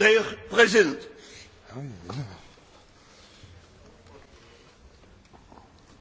d'ailleurs présente.